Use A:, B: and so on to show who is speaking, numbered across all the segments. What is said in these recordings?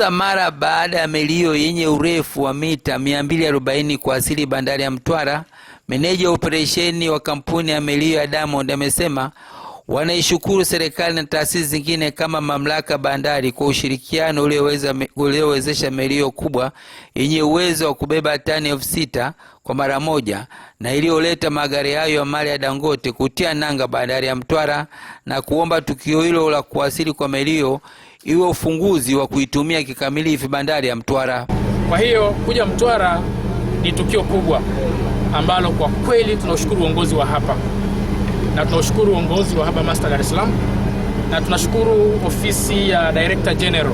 A: Alijifunza mara baada ya meli hiyo yenye urefu wa mita 240 kuasili bandari ya Mtwara. Meneja operesheni wa kampuni ya meli hiyo ya Diamond amesema Wanaishukuru serikali na taasisi zingine kama mamlaka bandari kwa ushirikiano uliowezesha meli hiyo kubwa yenye uwezo wa kubeba tani elfu sita kwa mara moja na iliyoleta magari hayo ya mali ya Dangote kutia nanga bandari ya Mtwara na kuomba tukio hilo la kuwasili kwa meli hiyo iwe ufunguzi wa kuitumia kikamilifu bandari ya Mtwara.
B: Kwa hiyo kuja Mtwara ni tukio kubwa ambalo kwa kweli tunashukuru uongozi wa hapa na tunashukuru uongozi wa Haba Master Dar es Salaam na tunashukuru ofisi ya Director General.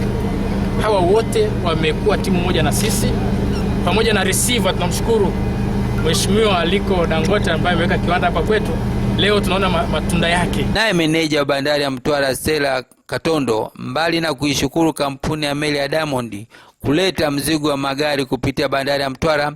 B: Hawa wote wamekuwa timu moja na sisi pamoja na receiver. Tunamshukuru Mheshimiwa Aliko Dangote ambaye ameweka kiwanda hapa kwetu, leo tunaona matunda yake.
A: Naye meneja wa bandari ya Mtwara Stella Katondo, mbali na kuishukuru kampuni ya meli ya Diamond kuleta mzigo wa magari kupitia bandari ya Mtwara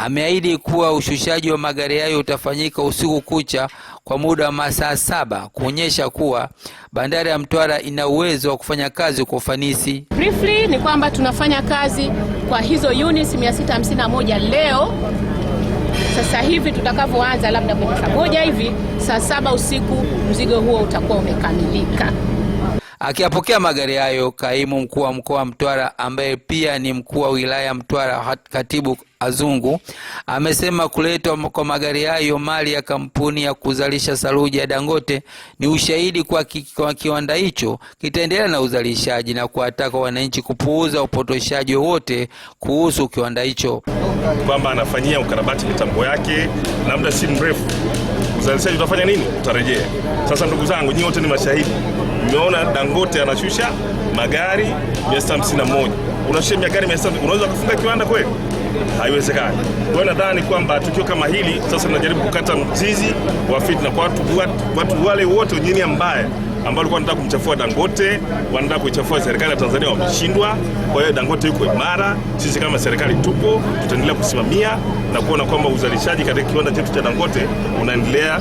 A: Ameahidi kuwa ushushaji wa magari hayo utafanyika usiku kucha kwa muda wa masaa saba kuonyesha kuwa bandari ya Mtwara ina uwezo wa kufanya kazi kwa ufanisi.
C: Briefly ni kwamba tunafanya kazi kwa hizo units 651 leo. Sasa hivi tutakavyoanza, labda kwenye saa moja hivi, saa saba usiku mzigo huo utakuwa umekamilika.
A: Akiyapokea magari hayo, kaimu mkuu wa mkoa wa Mtwara ambaye pia ni mkuu wa wilaya Mtwara, Katibu Azungu amesema kuletwa kwa magari hayo mali ya kampuni ya kuzalisha saruji ya Dangote ni ushahidi kwa, ki, kwa kiwanda hicho kitaendelea na uzalishaji na kuwataka wananchi kupuuza upotoshaji wowote kuhusu kiwanda hicho,
D: kwamba anafanyia ukarabati mitambo yake, labda si mrefu uzalishaji utafanya nini? Utarejea. Sasa ndugu zangu, nyinyi wote ni mashahidi, mmeona Dangote anashusha magari moja unashusha magari 600, unaweza kufunga kiwanda kweli? Haiwezekani. Kwa hiyo nadhani kwamba tukio kama hili sasa linajaribu kukata mzizi wa fitna kwa watu, watu, watu wale wote wenye nia mbaya ambao walikuwa wanataka kumchafua Dangote, wanataka kuichafua serikali ya Tanzania, wameshindwa. Kwa hiyo Dangote yuko imara, sisi kama serikali tupo, tutaendelea kusimamia na kuona kwamba uzalishaji katika kiwanda chetu cha Dangote unaendelea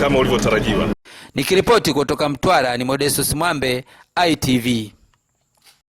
D: kama ulivyotarajiwa.
A: Nikiripoti kutoka Mtwara ni Modestus Mwambe, ITV.